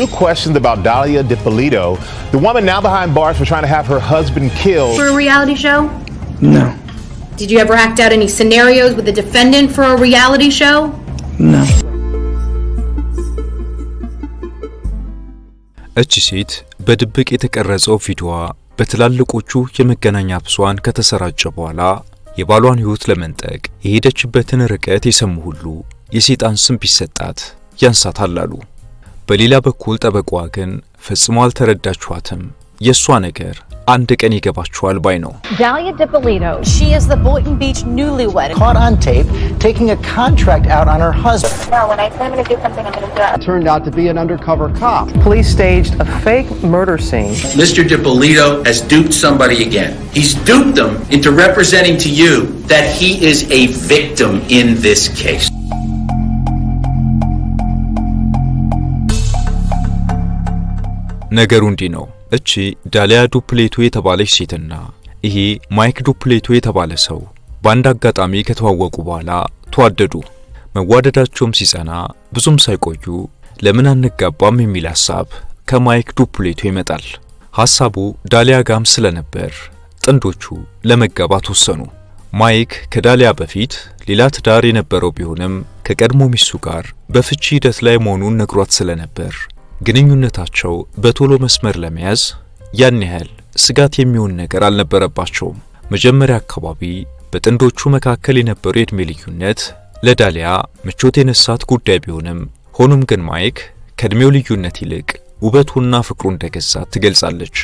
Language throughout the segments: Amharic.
new questions about Dahlia DiPolito, the woman now behind bars for trying to have her husband killed. For a reality show? No. Did you ever act out any scenarios with the defendant for a reality show? No. እች ሴት በድብቅ የተቀረጸው ቪዲዮዋ በትላልቆቹ የመገናኛ ብዙሃን ከተሰራጨ በኋላ የባሏን ሕይወት ለመንጠቅ የሄደችበትን ርቀት የሰሙ ሁሉ የሴጣን ስም ቢሰጣት ያንሳታል አሉ። በሌላ በኩል ጠበቋ ግን ፈጽሞ አልተረዳችኋትም። የእሷ ነገር አንድ ቀን ይገባችኋል ባይ ነው። ነገሩ እንዲህ ነው። እቺ ዳሊያ ዱፕሌቶ የተባለች ሴትና ይሄ ማይክ ዱፕሌቶ የተባለ ሰው በአንድ አጋጣሚ ከተዋወቁ በኋላ ተዋደዱ። መዋደዳቸውም ሲጸና ብዙም ሳይቆዩ ለምን አንጋባም የሚል ሐሳብ ከማይክ ዱፕሌቶ ይመጣል። ሐሳቡ ዳሊያ ጋም ስለነበር ጥንዶቹ ለመጋባት ወሰኑ። ማይክ ከዳሊያ በፊት ሌላ ትዳር የነበረው ቢሆንም ከቀድሞ ሚስቱ ጋር በፍቺ ሂደት ላይ መሆኑን ነግሯት ስለነበር ግንኙነታቸው በቶሎ መስመር ለመያዝ ያን ያህል ስጋት የሚሆን ነገር አልነበረባቸውም። መጀመሪያ አካባቢ በጥንዶቹ መካከል የነበሩ የእድሜ ልዩነት ለዳሊያ ምቾት የነሳት ጉዳይ ቢሆንም ሆኖም ግን ማይክ ከእድሜው ልዩነት ይልቅ ውበቱና ፍቅሩ እንደገዛት ትገልጻለች።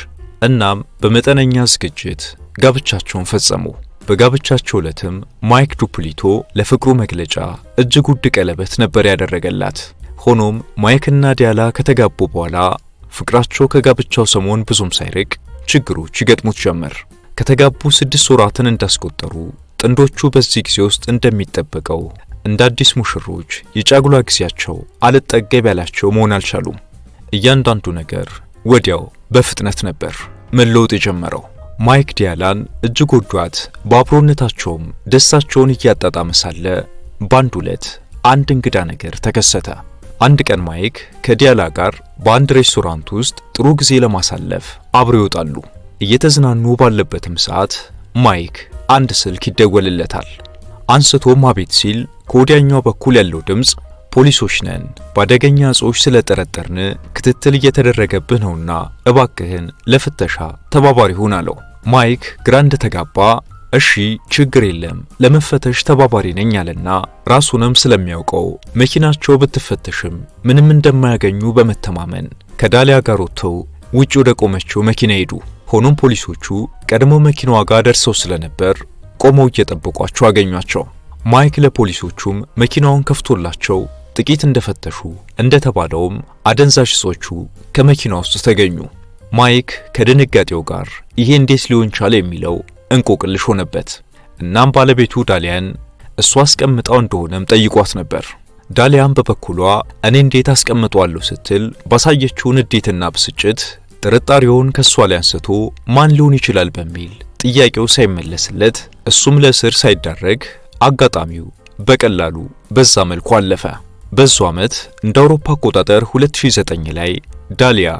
እናም በመጠነኛ ዝግጅት ጋብቻቸውን ፈጸሙ። በጋብቻቸው ዕለትም ማይክ ዱፕሊቶ ለፍቅሩ መግለጫ እጅግ ውድ ቀለበት ነበር ያደረገላት። ሆኖም ማይክና ዲያላ ከተጋቡ በኋላ ፍቅራቸው ከጋብቻው ሰሞን ብዙም ሳይርቅ ችግሮች ይገጥሙት ጀመር። ከተጋቡ ስድስት ወራትን እንዳስቆጠሩ ጥንዶቹ በዚህ ጊዜ ውስጥ እንደሚጠበቀው እንደ አዲስ ሙሽሮች የጫጉላ ጊዜያቸው አልጠገብ ያላቸው መሆን አልቻሉም። እያንዳንዱ ነገር ወዲያው በፍጥነት ነበር መለወጥ የጀመረው። ማይክ ዲያላን እጅግ ወዷት፣ በአብሮነታቸውም ደስታቸውን እያጣጣመ ሳለ በአንድ ዕለት አንድ እንግዳ ነገር ተከሰተ። አንድ ቀን ማይክ ከዲያላ ጋር በአንድ ሬስቶራንት ውስጥ ጥሩ ጊዜ ለማሳለፍ አብረው ይወጣሉ። እየተዝናኑ ባለበትም ሰዓት ማይክ አንድ ስልክ ይደወልለታል። አንስቶም አቤት ሲል ከወዲያኛው በኩል ያለው ድምፅ ፖሊሶች ነን፣ በአደገኛ እጾች ስለጠረጠርን ክትትል እየተደረገብህ ነውና እባክህን ለፍተሻ ተባባሪ ሁን አለው። ማይክ ግራ እንደተጋባ እሺ ችግር የለም ለመፈተሽ ተባባሪ ነኝ አለና ራሱንም ስለሚያውቀው መኪናቸው ብትፈተሽም ምንም እንደማያገኙ በመተማመን ከዳሊያ ጋር ወጥተው ውጭ ወደ ቆመችው መኪና ሄዱ። ሆኖም ፖሊሶቹ ቀድሞ መኪናዋ ጋር ደርሰው ስለነበር ቆመው እየጠበቋቸው አገኟቸው። ማይክ ለፖሊሶቹም መኪናውን ከፍቶላቸው ጥቂት እንደፈተሹ እንደተባለውም አደንዛዥ እጾቹ ከመኪና ውስጥ ተገኙ። ማይክ ከድንጋጤው ጋር ይሄ እንዴት ሊሆን ቻለ የሚለው እንቆቅልሽ ሆነበት። እናም ባለቤቱ ዳሊያን እሷ አስቀምጣው እንደሆነም ጠይቋት ነበር። ዳሊያን በበኩሏ እኔ እንዴት አስቀምጠዋለሁ ስትል ባሳየችው ንዴትና ብስጭት ጥርጣሬውን ከእሷ ላይ አንስቶ ማን ሊሆን ይችላል በሚል ጥያቄው ሳይመለስለት እሱም ለእስር ሳይዳረግ አጋጣሚው በቀላሉ በዛ መልኩ አለፈ። በዚሁ ዓመት እንደ አውሮፓ አቆጣጠር 2009 ላይ ዳሊያ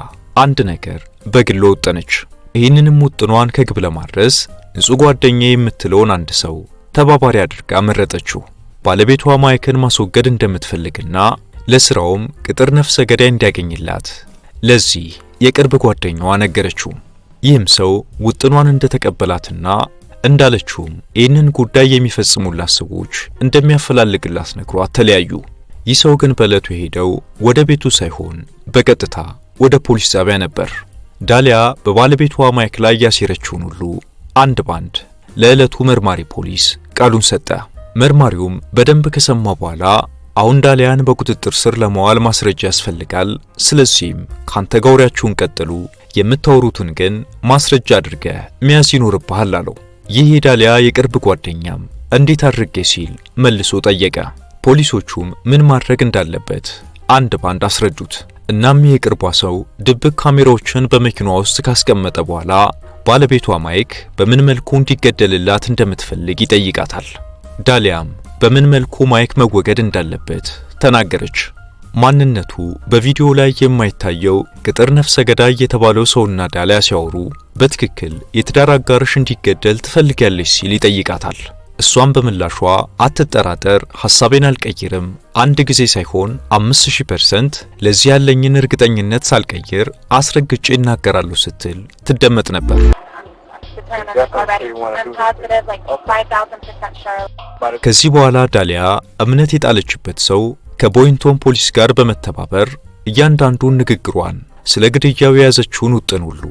አንድ ነገር በግል ወጠነች። ይህንንም ውጥኗን ከግብ ለማድረስ ንጹህ ጓደኛ የምትለውን አንድ ሰው ተባባሪ አድርጋ መረጠችው። ባለቤቷ ማይክን ማስወገድ እንደምትፈልግና ለስራውም ቅጥር ነፍሰ ገዳይ እንዲያገኝላት ለዚህ የቅርብ ጓደኛዋ ነገረችው። ይህም ሰው ውጥኗን እንደተቀበላትና እንዳለችውም ይህንን ጉዳይ የሚፈጽሙላት ሰዎች እንደሚያፈላልግላት ነግሯት ተለያዩ። ይህ ሰው ግን በዕለቱ የሄደው ወደ ቤቱ ሳይሆን በቀጥታ ወደ ፖሊስ ጣቢያ ነበር። ዳሊያ በባለቤቷ ማይክ ላይ ያሴረችውን ሁሉ አንድ ባንድ ለዕለቱ መርማሪ ፖሊስ ቃሉን ሰጠ። መርማሪውም በደንብ ከሰማ በኋላ አሁን ዳሊያን በቁጥጥር ስር ለመዋል ማስረጃ ያስፈልጋል። ስለዚህም ካንተ ጋር ወሬያችሁን ቀጥሉ፣ የምታወሩትን ግን ማስረጃ አድርገህ መያዝ ይኖርብሃል አለው። ይህ የዳሊያ የቅርብ ጓደኛም እንዴት አድርጌ ሲል መልሶ ጠየቀ። ፖሊሶቹም ምን ማድረግ እንዳለበት አንድ ባንድ አስረዱት። እናም የቅርቧ ሰው ድብቅ ካሜራዎችን በመኪና ውስጥ ካስቀመጠ በኋላ ባለቤቷ ማይክ በምን መልኩ እንዲገደልላት እንደምትፈልግ ይጠይቃታል። ዳሊያም በምን መልኩ ማይክ መወገድ እንዳለበት ተናገረች። ማንነቱ በቪዲዮ ላይ የማይታየው ቅጥር ነፍሰ ገዳይ የተባለው ሰውና ዳሊያ ሲያወሩ በትክክል የትዳር አጋርሽ እንዲገደል ትፈልጊያለች ሲል ይጠይቃታል። እሷም በምላሿ አትጠራጠር፣ ሐሳቤን አልቀይርም፣ አንድ ጊዜ ሳይሆን 5000% ለዚህ ያለኝን እርግጠኝነት ሳልቀይር አስረግጬ እናገራለሁ ስትል ትደመጥ ነበር። ከዚህ በኋላ ዳሊያ እምነት የጣለችበት ሰው ከቦይንቶን ፖሊስ ጋር በመተባበር እያንዳንዱን ንግግሯን ስለ ግድያው የያዘችውን ውጥን ሁሉ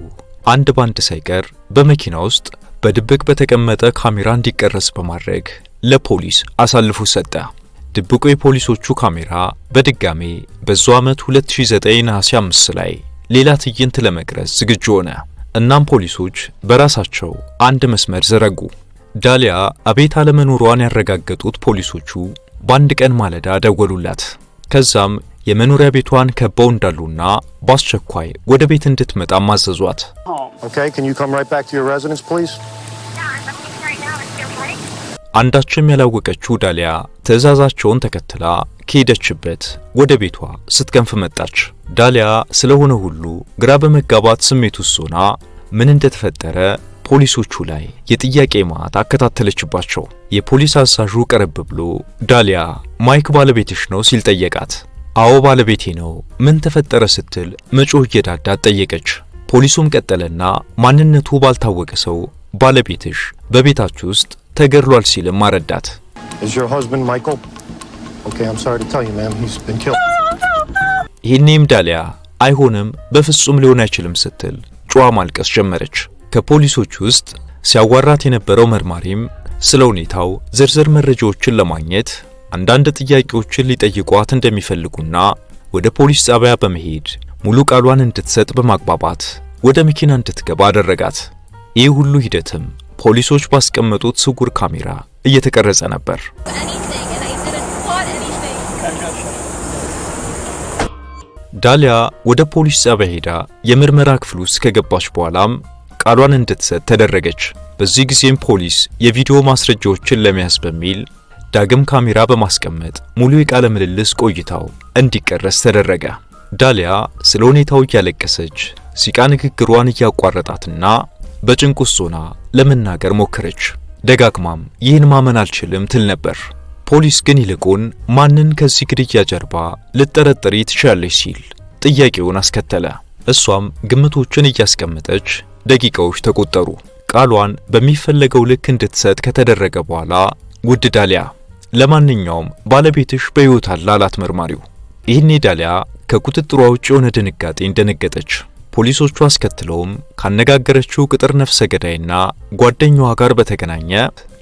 አንድ ባንድ ሳይቀር በመኪና ውስጥ በድብቅ በተቀመጠ ካሜራ እንዲቀረጽ በማድረግ ለፖሊስ አሳልፎ ሰጠ። ድብቁ የፖሊሶቹ ካሜራ በድጋሜ በዛው ዓመት 2009 ነሐሴ 5 ላይ ሌላ ትዕይንት ለመቅረጽ ዝግጁ ሆነ። እናም ፖሊሶች በራሳቸው አንድ መስመር ዘረጉ። ዳሊያ አቤት አለመኖሯን ያረጋገጡት ፖሊሶቹ በአንድ ቀን ማለዳ ደወሉላት። ከዛም የመኖሪያ ቤቷን ከበው እንዳሉና በአስቸኳይ ወደ ቤት እንድትመጣም አዘዟት። አንዳችም ያላወቀችው ዳሊያ ትዕዛዛቸውን ተከትላ ከሄደችበት ወደ ቤቷ ስትገንፍ መጣች። ዳሊያ ስለሆነ ሁሉ ግራ በመጋባት ስሜት ውስጥ ሆና ምን እንደተፈጠረ ፖሊሶቹ ላይ የጥያቄ ማት አከታተለችባቸው። የፖሊስ አዛዡ ቀረብ ብሎ ዳሊያ ማይክ ባለቤትሽ ነው ሲል ጠየቃት። አዎ ባለቤቴ ነው፣ ምን ተፈጠረ ስትል መጮህ እየዳዳት ጠየቀች። ፖሊሱም ቀጠለና ማንነቱ ባልታወቀ ሰው ባለቤትሽ በቤታችሁ ውስጥ ተገድሏል ሲልም አረዳት። ይህኔም ዳሊያ አይሆንም፣ በፍጹም ሊሆን አይችልም ስትል ጮዋ ማልቀስ ጀመረች። ከፖሊሶች ውስጥ ሲያዋራት የነበረው መርማሪም ስለ ሁኔታው ዝርዝር መረጃዎችን ለማግኘት አንዳንድ ጥያቄዎችን ሊጠይቋት እንደሚፈልጉና ወደ ፖሊስ ጣቢያ በመሄድ ሙሉ ቃሏን እንድትሰጥ በማግባባት ወደ መኪና እንድትገባ አደረጋት። ይህ ሁሉ ሂደትም ፖሊሶች ባስቀመጡት ስውር ካሜራ እየተቀረጸ ነበር። ዳሊያ ወደ ፖሊስ ጣቢያ ሄዳ የምርመራ ክፍል ውስጥ ከገባች በኋላም ቃሏን እንድትሰጥ ተደረገች። በዚህ ጊዜም ፖሊስ የቪዲዮ ማስረጃዎችን ለመያዝ በሚል ዳግም ካሜራ በማስቀመጥ ሙሉ የቃለ ምልልስ ቆይታው እንዲቀረስ ተደረገ። ዳሊያ ስለ ሁኔታው እያለቀሰች ሲቃ ንግግሯን እያቋረጣትና በጭንቅ ውስጥ ሆና ለመናገር ሞከረች። ደጋግማም ይህን ማመን አልችልም ትል ነበር። ፖሊስ ግን ይልቁን ማንን ከዚህ ግድያ ጀርባ ልጠረጥሪ ትችላለች ሲል ጥያቄውን አስከተለ። እሷም ግምቶችን እያስቀመጠች ደቂቃዎች ተቆጠሩ። ቃሏን በሚፈለገው ልክ እንድትሰጥ ከተደረገ በኋላ ውድ ዳሊያ ለማንኛውም ባለቤትሽ በሕይወት አለ አላት መርማሪው። ይህኔ ዳሊያ ከቁጥጥሯ ውጭ የሆነ ድንጋጤ እንደነገጠች ፖሊሶቹ አስከትለውም ካነጋገረችው ቅጥር ነፍሰ ገዳይና ጓደኛዋ ጋር በተገናኘ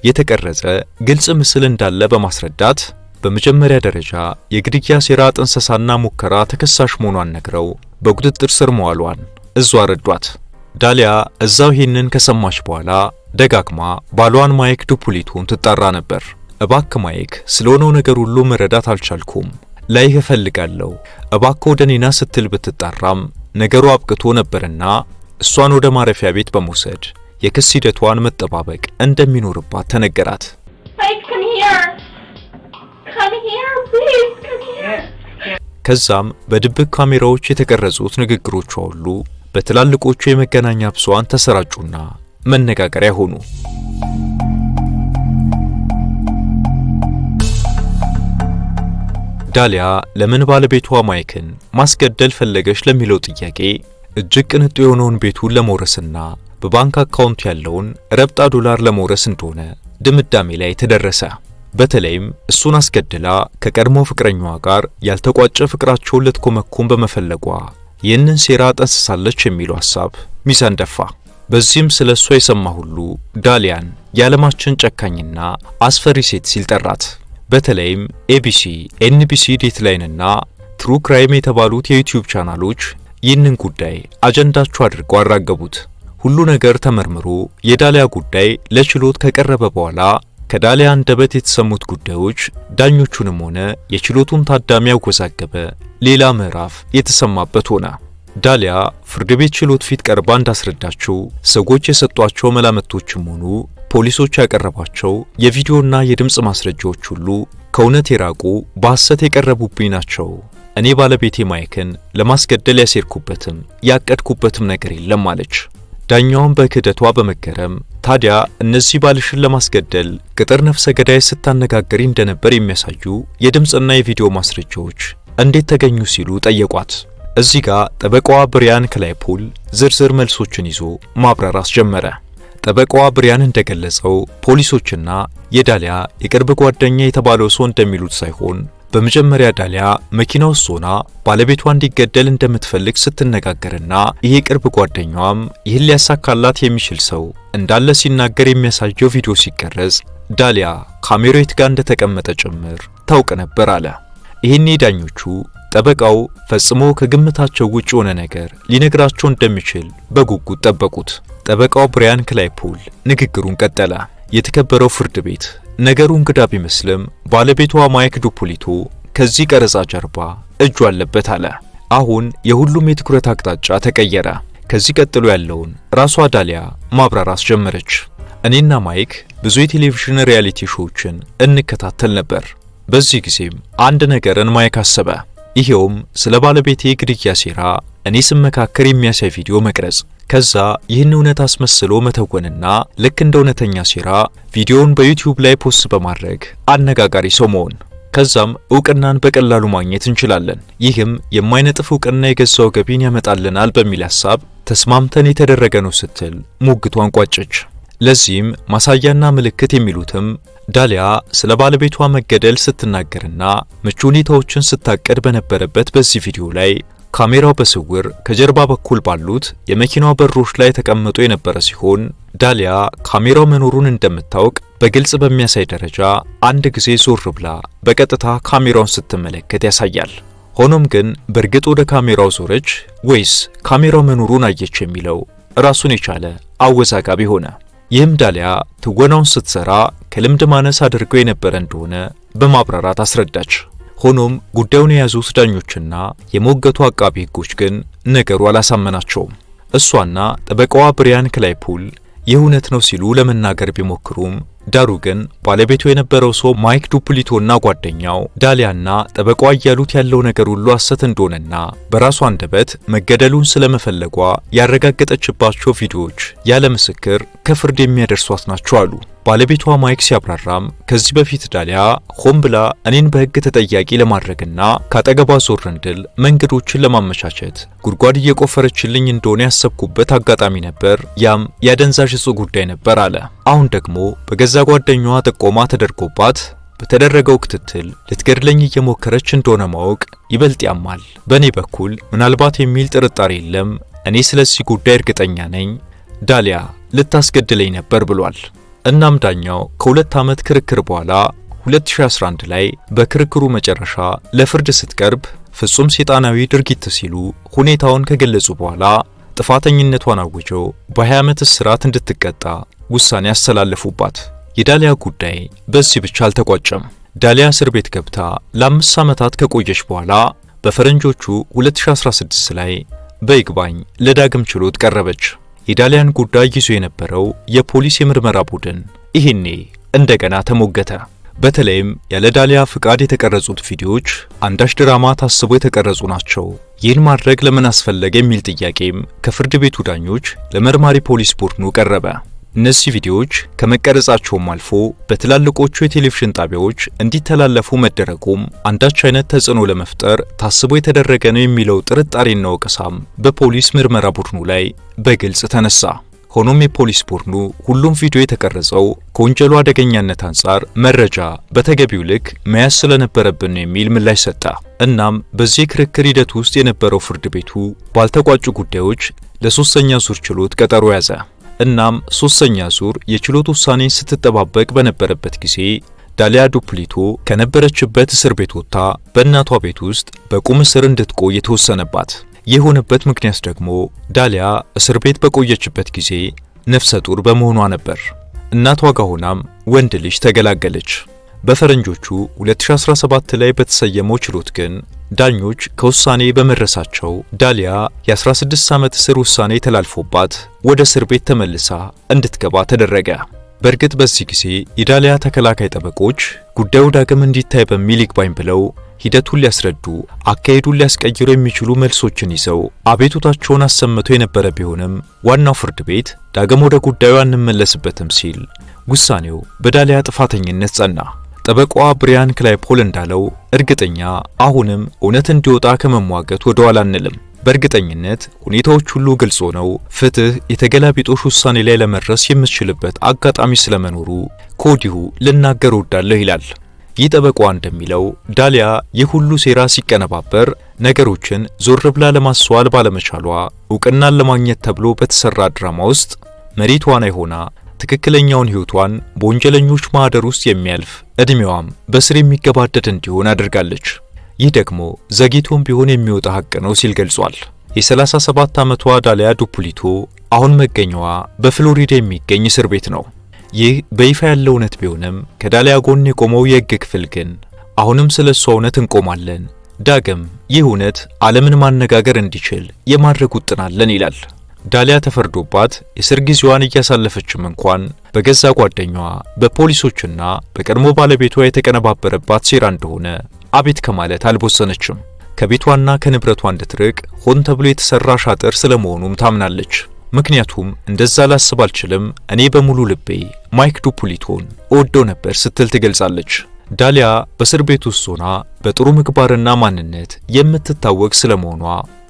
የተቀረጸ ግልጽ ምስል እንዳለ በማስረዳት በመጀመሪያ ደረጃ የግድያ ሴራ ጥንሰሳና ሙከራ ተከሳሽ መሆኗን ነግረው በቁጥጥር ስር መዋሏን እዟ ረዷት። ዳሊያ እዛው ይህንን ከሰማች በኋላ ደጋግማ ባሏን ማይክ ዱፑሊቱን ትጣራ ነበር። እባክ ማይክ፣ ስለሆነው ነገር ሁሉ መረዳት አልቻልኩም። ላይህ እፈልጋለሁ እባክ ወደ ኔና ስትል ብትጣራም ነገሩ አብቅቶ ነበርና እሷን ወደ ማረፊያ ቤት በመውሰድ የክስ ሂደቷን መጠባበቅ እንደሚኖርባት ተነገራት። ከዛም በድብቅ ካሜራዎች የተቀረጹት ንግግሮቿ ሁሉ በትላልቆቹ የመገናኛ ብዙሃን ተሰራጩና መነጋገሪያ ሆኑ። ዳሊያ ለምን ባለቤቷ ማይክን ማስገደል ፈለገች ለሚለው ጥያቄ እጅግ ቅንጡ የሆነውን ቤቱን ለመውረስና በባንክ አካውንት ያለውን ረብጣ ዶላር ለመውረስ እንደሆነ ድምዳሜ ላይ ተደረሰ። በተለይም እሱን አስገድላ ከቀድሞ ፍቅረኛዋ ጋር ያልተቋጨ ፍቅራቸውን ልትኮመኩም በመፈለጓ ይህንን ሴራ ጠንስሳለች የሚለው ሐሳብ ሚዛን ደፋ። በዚህም ስለ እሷ የሰማ ሁሉ ዳሊያን የዓለማችን ጨካኝና አስፈሪ ሴት ሲል ጠራት። በተለይም ኤቢሲ፣ ኤንቢሲ ዴትላይንና ትሩ ክራይም የተባሉት የዩቲዩብ ቻናሎች ይህንን ጉዳይ አጀንዳቸው አድርገው አራገቡት። ሁሉ ነገር ተመርምሮ የዳሊያ ጉዳይ ለችሎት ከቀረበ በኋላ ከዳሊያ አንደበት የተሰሙት ጉዳዮች ዳኞቹንም ሆነ የችሎቱን ታዳሚ ያወዛገበ ሌላ ምዕራፍ የተሰማበት ሆነ። ዳሊያ ፍርድ ቤት ችሎት ፊት ቀርባ እንዳስረዳችው ሰዎች የሰጧቸው መላምቶችም ሆኑ ፖሊሶች ያቀረቧቸው የቪዲዮና የድምፅ ማስረጃዎች ሁሉ ከእውነት የራቁ በሐሰት የቀረቡብኝ ናቸው። እኔ ባለቤቴ ማይክን ለማስገደል ያሴርኩበትም ያቀድኩበትም ነገር የለም አለች። ዳኛዋን በክህደቷ በመገረም ታዲያ እነዚህ ባልሽን ለማስገደል ቅጥር ነፍሰ ገዳይ ስታነጋገሪ እንደነበር የሚያሳዩ የድምፅና የቪዲዮ ማስረጃዎች እንዴት ተገኙ ሲሉ ጠየቋት። እዚህ ጋር ጠበቃዋ ብሪያን ክላይፖል ዝርዝር መልሶችን ይዞ ማብራራት ጀመረ። ጠበቃዋ ብሪያን እንደገለጸው ፖሊሶችና የዳሊያ የቅርብ ጓደኛ የተባለው ሰው እንደሚሉት ሳይሆን በመጀመሪያ ዳሊያ መኪና ውስጥ ሆና ባለቤቷ እንዲገደል እንደምትፈልግ ስትነጋገርና ይሄ ቅርብ ጓደኛዋም ይህን ሊያሳካላት የሚችል ሰው እንዳለ ሲናገር የሚያሳየው ቪዲዮ ሲቀረጽ ዳሊያ ካሜሮት ጋር እንደተቀመጠ ጭምር ታውቅ ነበር አለ። ይህኔ ዳኞቹ ጠበቃው ፈጽሞ ከግምታቸው ውጭ የሆነ ነገር ሊነግራቸው እንደሚችል በጉጉት ጠበቁት። ጠበቃው ብሪያን ክላይፖል ንግግሩን ቀጠለ። የተከበረው ፍርድ ቤት ነገሩ እንግዳ ቢመስልም ባለቤቷ ማይክ ዱፖሊቶ ከዚህ ቀረጻ ጀርባ እጁ አለበት አለ። አሁን የሁሉም የትኩረት አቅጣጫ ተቀየረ። ከዚህ ቀጥሎ ያለውን ራሷ ዳሊያ ማብራር ጀመረች። እኔና ማይክ ብዙ የቴሌቪዥን ሪያሊቲ ሾዎችን እንከታተል ነበር። በዚህ ጊዜም አንድ ነገርን ማይክ አሰበ። ይሄውም ስለ ባለቤቴ ግድያ ሴራ እኔ ስመካከር የሚያሳይ ቪዲዮ መቅረጽ ከዛ ይህን እውነት አስመስሎ መተወንና ልክ እንደ እውነተኛ ሴራ ቪዲዮውን በዩቲዩብ ላይ ፖስት በማድረግ አነጋጋሪ ሰው መሆን። ከዛም እውቅናን በቀላሉ ማግኘት እንችላለን። ይህም የማይነጥፍ እውቅና የገዛው ገቢን ያመጣልናል በሚል ሀሳብ ተስማምተን የተደረገ ነው ስትል ሙግቷን ቋጨች። ለዚህም ማሳያና ምልክት የሚሉትም ዳሊያ ስለ ባለቤቷ መገደል ስትናገርና ምቹ ሁኔታዎችን ስታቀድ በነበረበት በዚህ ቪዲዮ ላይ ካሜራው በስውር ከጀርባ በኩል ባሉት የመኪናው በሮች ላይ ተቀምጦ የነበረ ሲሆን ዳሊያ ካሜራው መኖሩን እንደምታውቅ በግልጽ በሚያሳይ ደረጃ አንድ ጊዜ ዞር ብላ በቀጥታ ካሜራውን ስትመለከት ያሳያል። ሆኖም ግን በእርግጥ ወደ ካሜራው ዞረች ወይስ ካሜራው መኖሩን አየች የሚለው ራሱን የቻለ አወዛጋቢ ሆነ። ይህም ዳሊያ ትወናውን ስትሰራ ከልምድ ማነስ አድርገው የነበረ እንደሆነ በማብራራት አስረዳች። ሆኖም ጉዳዩን የያዙት ዳኞችና የሞገቱ አቃቢ ህጎች ግን ነገሩ አላሳመናቸውም። እሷና ጠበቃዋ ብሪያን ክላይፑል ይህ እውነት ነው ሲሉ ለመናገር ቢሞክሩም ዳሩ ግን ባለቤቱ የነበረው ሰው ማይክ ዱፕሊቶና ጓደኛው ዳሊያና ጠበቋ እያሉት ያለው ነገር ሁሉ ሐሰት እንደሆነና በራሷ አንደበት መገደሉን ስለመፈለጓ ያረጋገጠችባቸው ቪዲዮዎች ያለ ምስክር ከፍርድ የሚያደርሷት ናቸው አሉ። ባለቤቷ ማይክ ሲያብራራም ከዚህ በፊት ዳሊያ ሆን ብላ እኔን በሕግ ተጠያቂ ለማድረግና ካጠገቧ ዞር እንድል መንገዶችን ለማመቻቸት ጉድጓድ እየቆፈረችልኝ እንደሆነ ያሰብኩበት አጋጣሚ ነበር። ያም የአደንዛዥ እጽ ጉዳይ ነበር አለ። አሁን ደግሞ በገዛ ጓደኛዋ ጥቆማ ተደርጎባት በተደረገው ክትትል ልትገድለኝ እየሞከረች እንደሆነ ማወቅ ይበልጥ ያማል። በእኔ በኩል ምናልባት የሚል ጥርጣሬ የለም። እኔ ስለዚህ ጉዳይ እርግጠኛ ነኝ። ዳሊያ ልታስገድለኝ ነበር ብሏል። እናም ዳኛው ከሁለት ዓመት ክርክር በኋላ 2011 ላይ በክርክሩ መጨረሻ ለፍርድ ስትቀርብ ፍጹም ሰይጣናዊ ድርጊት ሲሉ ሁኔታውን ከገለጹ በኋላ ጥፋተኝነቷን አውጀው በ20 ዓመት እስራት እንድትቀጣ ውሳኔ ያስተላለፉባት። የዳሊያ ጉዳይ በዚህ ብቻ አልተቋጨም። ዳሊያ እስር ቤት ገብታ ለአምስት ዓመታት ከቆየች በኋላ በፈረንጆቹ 2016 ላይ በይግባኝ ለዳግም ችሎት ቀረበች። የዳሊያን ጉዳይ ይዞ የነበረው የፖሊስ የምርመራ ቡድን ይህኔ እንደገና ተሞገተ። በተለይም ያለ ዳሊያ ፍቃድ የተቀረጹት ቪዲዮዎች አንዳች ድራማ ታስቦ የተቀረጹ ናቸው፣ ይህን ማድረግ ለምን አስፈለገ የሚል ጥያቄም ከፍርድ ቤቱ ዳኞች ለመርማሪ ፖሊስ ቡድኑ ቀረበ። እነዚህ ቪዲዮዎች ከመቀረጻቸውም አልፎ በትላልቆቹ የቴሌቪዥን ጣቢያዎች እንዲተላለፉ መደረጉም አንዳች አይነት ተጽዕኖ ለመፍጠር ታስቦ የተደረገ ነው የሚለው ጥርጣሬና ወቀሳም በፖሊስ ምርመራ ቡድኑ ላይ በግልጽ ተነሳ። ሆኖም የፖሊስ ቡድኑ ሁሉም ቪዲዮ የተቀረጸው ከወንጀሉ አደገኛነት አንጻር መረጃ በተገቢው ልክ መያዝ ስለነበረብን ነው የሚል ምላሽ ሰጠ። እናም በዚህ ክርክር ሂደት ውስጥ የነበረው ፍርድ ቤቱ ባልተቋጩ ጉዳዮች ለሶስተኛ ዙር ችሎት ቀጠሮ ያዘ። እናም ሶስተኛ ዙር የችሎት ውሳኔ ስትጠባበቅ በነበረበት ጊዜ ዳሊያ ዱፕሊቶ ከነበረችበት እስር ቤት ወጥታ በእናቷ ቤት ውስጥ በቁም እስር እንድትቆይ የተወሰነባት። የሆነበት ምክንያት ደግሞ ዳሊያ እስር ቤት በቆየችበት ጊዜ ነፍሰ ጡር በመሆኗ ነበር። እናቷ ጋር ሆናም ወንድ ልጅ ተገላገለች። በፈረንጆቹ 2017 ላይ በተሰየመው ችሎት ግን ዳኞች ከውሳኔ በመድረሳቸው ዳሊያ የ16 ዓመት እስር ውሳኔ ተላልፎባት ወደ እስር ቤት ተመልሳ እንድትገባ ተደረገ። በእርግጥ በዚህ ጊዜ የዳሊያ ተከላካይ ጠበቆች ጉዳዩ ዳግም እንዲታይ በሚል ይግባኝ ብለው ሂደቱን ሊያስረዱ አካሄዱን ሊያስቀይሩ የሚችሉ መልሶችን ይዘው አቤቱታቸውን አሰምተው የነበረ ቢሆንም ዋናው ፍርድ ቤት ዳግም ወደ ጉዳዩ አንመለስበትም ሲል ውሳኔው በዳሊያ ጥፋተኝነት ጸና። ጠበቋ ብሪያን ክላይፖል እንዳለው እርግጠኛ አሁንም እውነት እንዲወጣ ከመሟገት ወደ ኋላ አንልም። በእርግጠኝነት ሁኔታዎች ሁሉ ግልጽ ሆነው ፍትህ የተገላቢጦሽ ውሳኔ ላይ ለመድረስ የምትችልበት አጋጣሚ ስለመኖሩ ከወዲሁ ልናገር ወዳለሁ ይላል። ይህ ጠበቋ እንደሚለው ዳሊያ የሁሉ ሴራ ሲቀነባበር ነገሮችን ዞር ብላ ለማስተዋል ባለመቻሏ እውቅናን ለማግኘት ተብሎ በተሰራ ድራማ ውስጥ መሪ ተዋናይ ሆና ትክክለኛውን ሕይወቷን በወንጀለኞች ማህደር ውስጥ የሚያልፍ ዕድሜዋም በስር የሚገባደድ እንዲሆን አድርጋለች። ይህ ደግሞ ዘግይቶም ቢሆን የሚወጣ ሐቅ ነው ሲል ገልጿል። የ37 ዓመቷ ዳሊያ ዱፑሊቶ አሁን መገኘዋ በፍሎሪዳ የሚገኝ እስር ቤት ነው። ይህ በይፋ ያለ እውነት ቢሆንም ከዳሊያ ጎን የቆመው የሕግ ክፍል ግን አሁንም ስለ እሷ እውነት እንቆማለን፣ ዳግም ይህ እውነት ዓለምን ማነጋገር እንዲችል የማድረግ ውጥናለን ይላል። ዳሊያ ተፈርዶባት የእስር ጊዜዋን እያሳለፈችም እንኳን በገዛ ጓደኛዋ በፖሊሶችና በቀድሞ ባለቤቷ የተቀነባበረባት ሴራ እንደሆነ አቤት ከማለት አልቦሰነችም። ከቤቷና ከንብረቷ እንድትርቅ ሆን ተብሎ የተሰራ ሻጥር ስለመሆኑም ታምናለች። ምክንያቱም እንደዛ ላስብ አልችልም፣ እኔ በሙሉ ልቤ ማይክ ዱፑሊቶን እወደው ነበር ስትል ትገልጻለች። ዳሊያ በእስር ቤት ውስጥ ሆና በጥሩ ምግባርና ማንነት የምትታወቅ ስለመሆኗ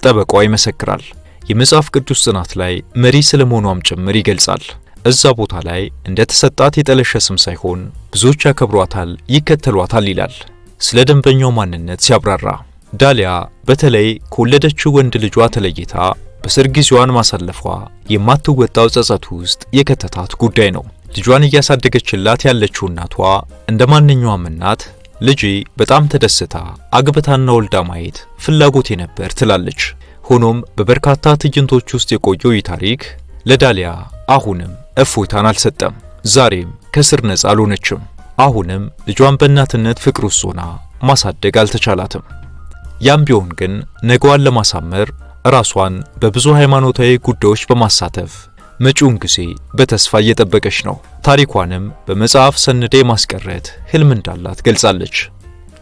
ጠበቋ ይመሰክራል። የመጽሐፍ ቅዱስ ጽናት ላይ መሪ ስለመሆኗም ጭምር ይገልጻል። እዛ ቦታ ላይ እንደ ተሰጣት የጠለሸ ስም ሳይሆን ብዙዎች ያከብሯታል፣ ይከተሏታል ይላል ስለ ደንበኛው ማንነት ሲያብራራ። ዳሊያ በተለይ ከወለደችው ወንድ ልጇ ተለይታ በስር ጊዜዋን ማሳለፏ የማትወጣው ጸጸት ውስጥ የከተታት ጉዳይ ነው። ልጇን እያሳደገችላት ያለችው እናቷ እንደ ማንኛውም እናት ልጄ በጣም ተደስታ አግብታና ወልዳ ማየት ፍላጎቴ ነበር ትላለች። ሆኖም በበርካታ ትዕይንቶች ውስጥ የቆየው ይህ ታሪክ ለዳሊያ አሁንም እፎይታን አልሰጠም። ዛሬም ከስር ነጻ አልሆነችም። አሁንም ልጇን በእናትነት ፍቅር ውስጥ ሆና ማሳደግ አልተቻላትም። ያም ቢሆን ግን ነገዋን ለማሳመር ራሷን በብዙ ሃይማኖታዊ ጉዳዮች በማሳተፍ መጪውን ጊዜ በተስፋ እየጠበቀች ነው። ታሪኳንም በመጽሐፍ ሰንዳ የማስቀረት ህልም እንዳላት ገልጻለች።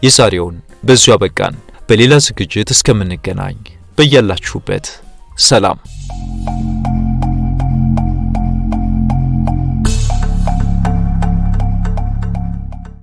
የዛሬውን በዚሁ አበቃን። በሌላ ዝግጅት እስከምንገናኝ በያላችሁበት ሰላም